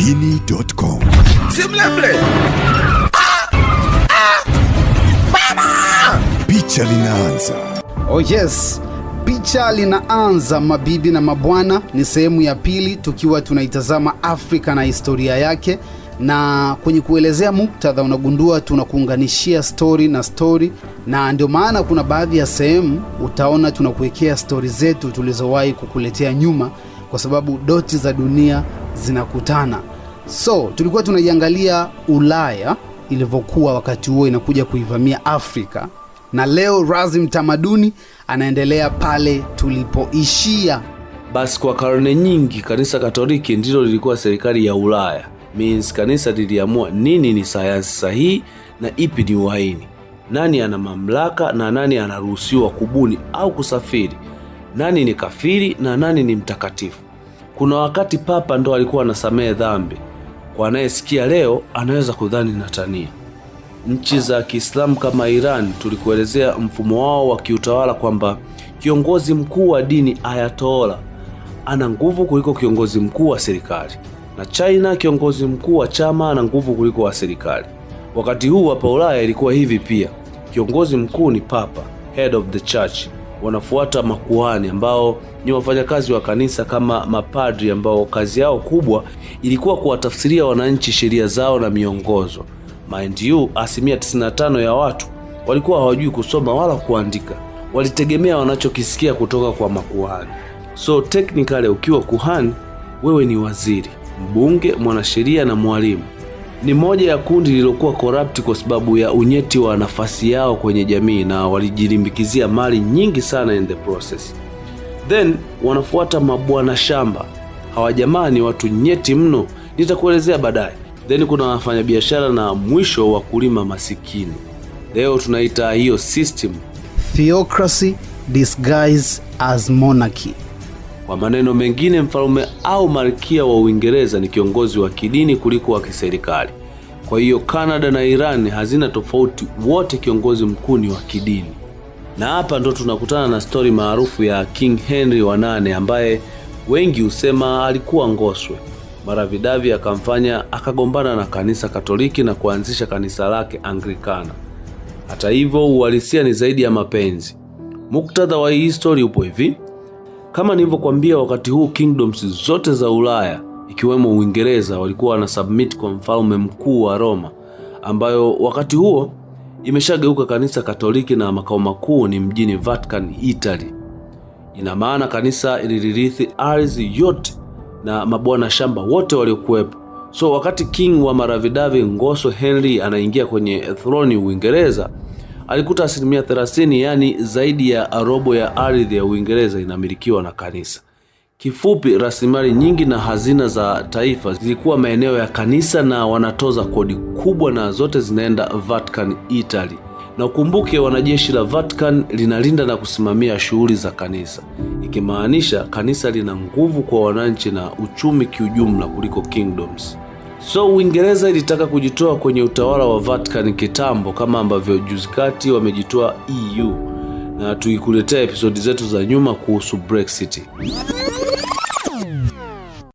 Dini.com. Si Ah! Ah! Baba! Picha linaanza. Oh yes. Picha linaanza, mabibi na mabwana, ni sehemu ya pili tukiwa tunaitazama Afrika na historia yake, na kwenye kuelezea muktadha unagundua tunakuunganishia stori na stori, na ndio maana kuna baadhi ya sehemu utaona tunakuwekea stori zetu tulizowahi kukuletea nyuma, kwa sababu doti za dunia zinakutana So tulikuwa tunaiangalia Ulaya ilivyokuwa wakati huo inakuja kuivamia Afrika, na leo razi Mtamaduni anaendelea pale tulipoishia. Basi kwa karne nyingi kanisa Katoliki ndilo lilikuwa serikali ya Ulaya. Means kanisa liliamua nini ni sayansi sahihi na ipi ni uhaini, nani ana mamlaka na nani anaruhusiwa kubuni au kusafiri, nani ni kafiri na nani ni mtakatifu. Kuna wakati papa ndo alikuwa anasamehe dhambi wanayesikia leo anaweza kudhani natania. Nchi za Kiislamu kama Iran, tulikuelezea mfumo wao wa kiutawala kwamba kiongozi mkuu wa dini ayatola ana nguvu kuliko kiongozi mkuu wa serikali, na China kiongozi mkuu wa chama ana nguvu kuliko wa serikali. Wakati huu hapa Ulaya ilikuwa hivi pia, kiongozi mkuu ni papa, head of the church wanafuata makuhani ambao ni wafanyakazi wa kanisa kama mapadri, ambao kazi yao kubwa ilikuwa kuwatafsiria wananchi sheria zao na miongozo. Mind you, asilimia 95 ya watu walikuwa hawajui kusoma wala kuandika, walitegemea wanachokisikia kutoka kwa makuhani. So technically ukiwa kuhani, wewe ni waziri, mbunge, mwanasheria na mwalimu ni moja ya kundi lililokuwa corrupt kwa sababu ya unyeti wa nafasi yao kwenye jamii na walijilimbikizia mali nyingi sana in the process. Then wanafuata mabwana shamba. Hawa jamaa ni watu nyeti mno, nitakuelezea baadaye. Then kuna wafanyabiashara na mwisho wa kulima masikini. Leo tunaita hiyo system theocracy disguised as monarchy. Kwa maneno mengine, mfalme au malkia wa Uingereza ni kiongozi wa kidini kuliko wa kiserikali. Kwa hiyo Kanada na Iran hazina tofauti, wote kiongozi mkuu ni wa kidini. Na hapa ndo tunakutana na stori maarufu ya King Henry wa nane ambaye wengi husema alikuwa ngoswe. Maravidavi akamfanya akagombana na kanisa Katoliki na kuanzisha kanisa lake Anglikana. Hata hivyo, uhalisia ni zaidi ya mapenzi. Muktadha wa hii stori upo hivi: kama nilivyokuambia, wakati huu kingdoms zote za Ulaya ikiwemo Uingereza walikuwa wana submit kwa mfalme mkuu wa Roma, ambayo wakati huo imeshageuka kanisa Katoliki na makao makuu ni mjini Vatican, Italy. Ina maana kanisa iliririthi ardhi yote na mabwana shamba wote waliokuwepo. So wakati king wa Maravidavi Ngoso Henry anaingia kwenye throne Uingereza alikuta asilimia thelathini, yaani zaidi ya robo ya ardhi ya Uingereza inamilikiwa na kanisa. Kifupi, rasilimali nyingi na hazina za taifa zilikuwa maeneo ya kanisa na wanatoza kodi kubwa, na zote zinaenda Vatican, Italy. Na ukumbuke wanajeshi la Vatican linalinda na kusimamia shughuli za kanisa, ikimaanisha kanisa lina nguvu kwa wananchi na uchumi kiujumla kuliko kingdoms. So Uingereza ilitaka kujitoa kwenye utawala wa Vatican kitambo kama ambavyo juzi kati wamejitoa EU, na tuikuletea episodi zetu za nyuma kuhusu Brexit.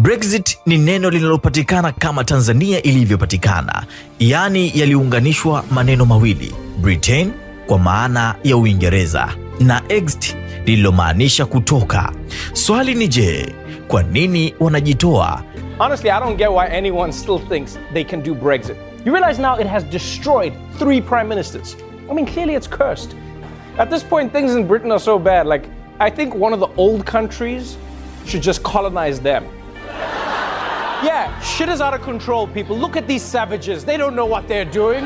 Brexit ni neno linalopatikana kama Tanzania ilivyopatikana, yaani yaliunganishwa maneno mawili Britain kwa maana ya Uingereza na exit lililomaanisha kutoka. Swali ni je, kwa nini wanajitoa? Honestly, I don't get why anyone still thinks they can do Brexit. You realize now it has destroyed three prime ministers. I mean, clearly it's cursed. At this point, things in Britain are so bad. Like, I think one of the old countries should just colonize them. Yeah, shit is out of control, people. Look at these savages. They don't know what they're doing.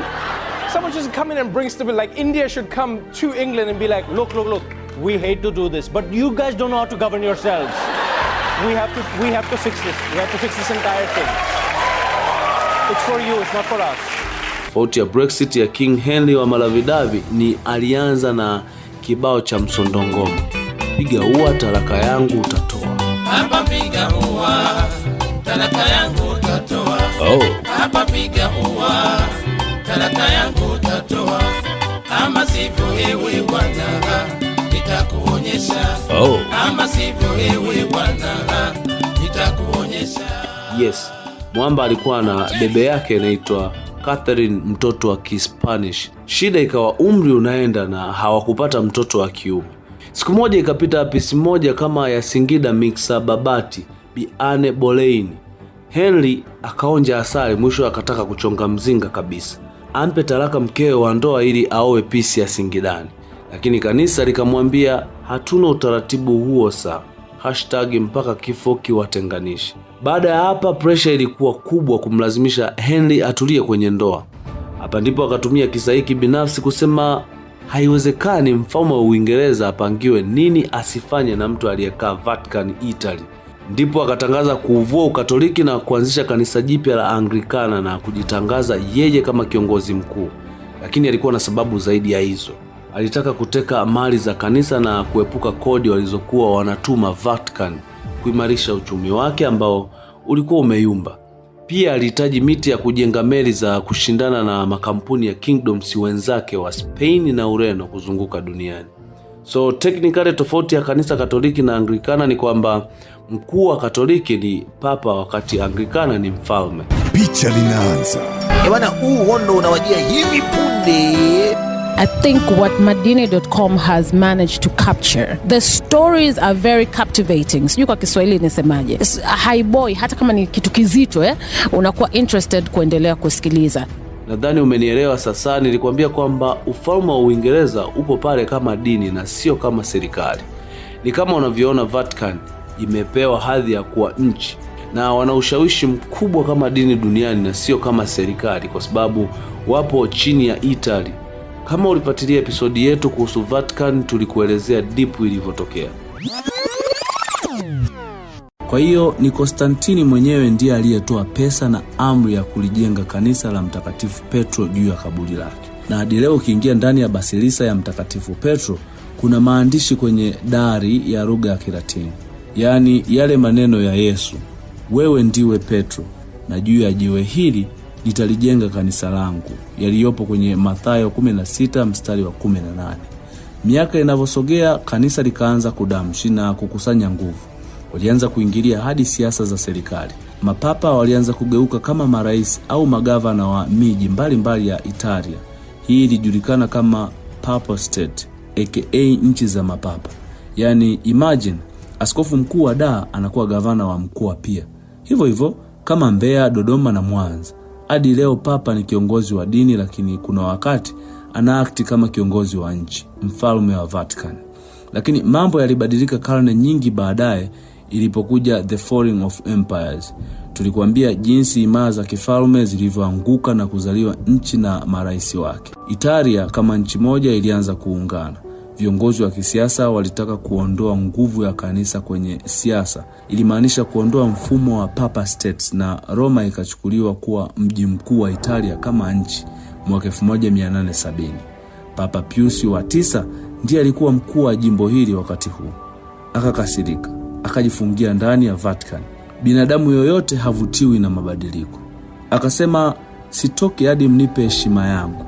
Someone just come in and bring stability. Like India should come to England and be like, look, look, look, we hate to do this, but you guys don't know how to govern yourselves. We have to, we have to fix this. We have to fix this entire thing. It's for you. It's not for us. Tofauti ya Brexit ya King Henry wa Malavidavi ni alianza na kibao cha msondongoma, piga ua talaka yangu utatoa hapa, piga ua talaka yangu utatoa oh. hapa, piga ua talanta yangu utatoa, ama sivyo ewe bwana nitakuonyesha. Oh. Ama sivyo ewe bwana nitakuonyesha. Yes, Mwamba alikuwa na bebe yake inaitwa Catherine mtoto wa Kispanish. Shida ikawa umri unaenda na hawakupata mtoto wa kiume. Siku moja ikapita pisi moja kama ya Singida Mixa Babati biane Boleini. Henry akaonja asali, mwisho akataka kuchonga mzinga kabisa ampe talaka mkewe wa ndoa ili aowe ya Singidani, lakini kanisa likamwambia hatuna utaratibu huo saa hashtag mpaka kifo kiwatenganishe. Baada ya hapa, presha ilikuwa kubwa kumlazimisha Henry atulie kwenye ndoa. Hapa ndipo akatumia kisa hiki binafsi kusema haiwezekani mfalme wa Uingereza apangiwe nini asifanye na mtu aliyekaa Vatican, Italy ndipo akatangaza kuuvua Ukatoliki na kuanzisha kanisa jipya la Anglikana na kujitangaza yeye kama kiongozi mkuu, lakini alikuwa na sababu zaidi ya hizo. Alitaka kuteka mali za kanisa na kuepuka kodi walizokuwa wanatuma Vatican, kuimarisha uchumi wake ambao ulikuwa umeyumba. Pia alihitaji miti ya kujenga meli za kushindana na makampuni ya kingdoms wenzake wa Spain na Ureno kuzunguka duniani. So technically tofauti ya kanisa Katoliki na Anglikana ni kwamba mkuu wa Katoliki ni papa, wakati Anglikana ni mfalme. Picha linaanza eh, bwana, huu hondo unawajia hivi punde. I think what madine.com has managed to capture. The stories are very captivating. Sijui kwa Kiswahili nisemaje. High boy hata kama ni kitu kizito eh, unakuwa interested kuendelea kusikiliza. Nadhani umenielewa sasa. Nilikwambia kwamba ufalme wa Uingereza upo pale kama dini na sio kama serikali. Ni kama unavyoona Vatican imepewa hadhi ya kuwa nchi na wana ushawishi mkubwa kama dini duniani na sio kama serikali, kwa sababu wapo chini ya Italy. Kama ulifuatilia episodi yetu kuhusu Vatican, tulikuelezea dipu ilivyotokea. Kwa hiyo ni Konstantini mwenyewe ndiye aliyetoa pesa na amri ya kulijenga kanisa la Mtakatifu Petro juu ya kaburi lake, na hadi leo ukiingia ndani ya basilisa ya Mtakatifu Petro kuna maandishi kwenye dari ya lugha ya Kilatini, yaani yale maneno ya Yesu, wewe ndiwe Petro na juu ya jiwe hili nitalijenga kanisa langu, yaliyopo kwenye Mathayo 16 mstari wa 18. Miaka inavyosogea kanisa likaanza kudamshi na kukusanya nguvu walianza kuingilia hadi siasa za serikali. Mapapa walianza kugeuka kama marais au magavana wa miji mbalimbali ya Italia. Hii ilijulikana kama Papal State aka nchi za mapapa. Yaani, imagine askofu mkuu wa Dar anakuwa gavana wa mkoa pia, hivyo hivyo kama Mbeya, Dodoma na Mwanza. Hadi leo papa ni kiongozi wa dini, lakini kuna wakati anaakti kama kiongozi wa nchi, mfalme wa Vatican. Lakini mambo yalibadilika karne nyingi baadaye ilipokuja The Falling of Empires. Tulikuambia jinsi imara za kifalme zilivyoanguka na kuzaliwa nchi na marais wake. Italia kama nchi moja ilianza kuungana. Viongozi wa kisiasa walitaka kuondoa nguvu ya kanisa kwenye siasa, ilimaanisha kuondoa mfumo wa Papa States, na Roma ikachukuliwa kuwa mji mkuu wa Italia kama nchi mwaka 1870. Papa piusi wa tisa ndiye alikuwa mkuu wa jimbo hili wakati huu. Akakasirika akajifungia ndani ya Vatican. Binadamu yoyote havutiwi na mabadiliko. Akasema, sitoki hadi mnipe heshima yangu.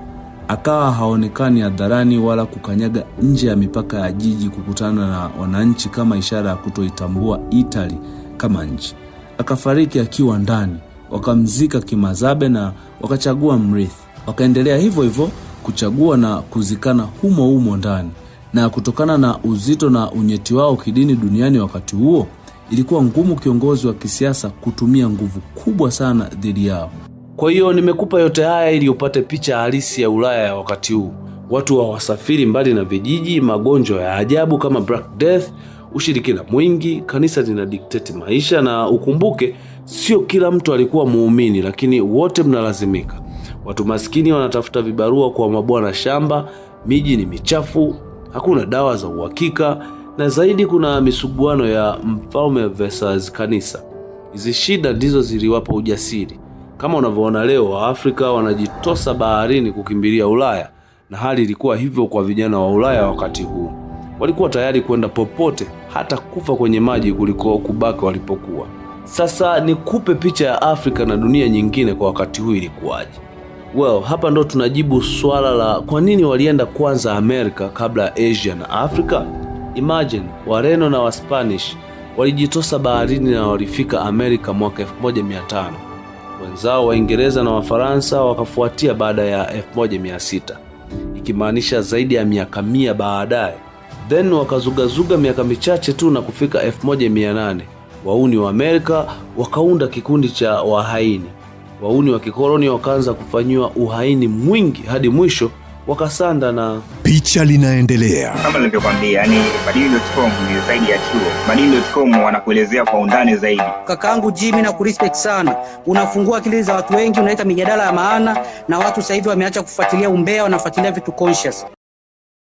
Akawa haonekani hadharani wala kukanyaga nje ya mipaka ya jiji kukutana na wananchi kama ishara ya kutoitambua Itali kama nchi. Akafariki akiwa ndani, wakamzika kimazabe na wakachagua mrithi. Wakaendelea hivyo hivyo kuchagua na kuzikana humo humo ndani na kutokana na uzito na unyeti wao kidini duniani wakati huo, ilikuwa ngumu kiongozi wa kisiasa kutumia nguvu kubwa sana dhidi yao. Kwa hiyo nimekupa yote haya ili upate picha halisi ya Ulaya ya wakati huu. Watu hawasafiri mbali na vijiji, magonjwa ya ajabu kama Black Death, ushirikina mwingi, kanisa lina dikteti maisha. Na ukumbuke, sio kila mtu alikuwa muumini, lakini wote mnalazimika. Watu maskini wanatafuta vibarua kwa mabwana shamba, miji ni michafu hakuna dawa za uhakika, na zaidi kuna misuguano ya mfalme versus kanisa. Hizi shida ndizo ziliwapa ujasiri. Kama unavyoona leo, Waafrika wanajitosa baharini kukimbilia Ulaya, na hali ilikuwa hivyo kwa vijana wa Ulaya wakati huu. Walikuwa tayari kwenda popote, hata kufa kwenye maji kuliko kubaki walipokuwa. Sasa nikupe picha ya Afrika na dunia nyingine kwa wakati huu ilikuwaje? Well, hapa ndo tunajibu swala la kwa nini walienda kwanza Amerika kabla ya Asia na Afrika. Imagine Wareno na Waspanish walijitosa baharini na walifika Amerika mwaka 1500. Wenzao Waingereza na Wafaransa wakafuatia baada ya 1600, ikimaanisha zaidi ya miaka mia baadaye. Then wakazugazuga miaka michache tu na kufika 1800, wauni wa Amerika wakaunda kikundi cha wahaini wauni wa kikoloni wakaanza kufanyiwa uhaini mwingi hadi mwisho wakasanda na picha linaendelea. Kama nilivyokwambia, yani Madini.com ni zaidi ya chuo. Madini.com wanakuelezea kwa undani zaidi. Kakaangu Jimmy, na kurespect sana, unafungua akili za watu wengi, unaleta mijadala ya maana, na watu sasa hivi wameacha kufuatilia umbea, wanafuatilia vitu conscious.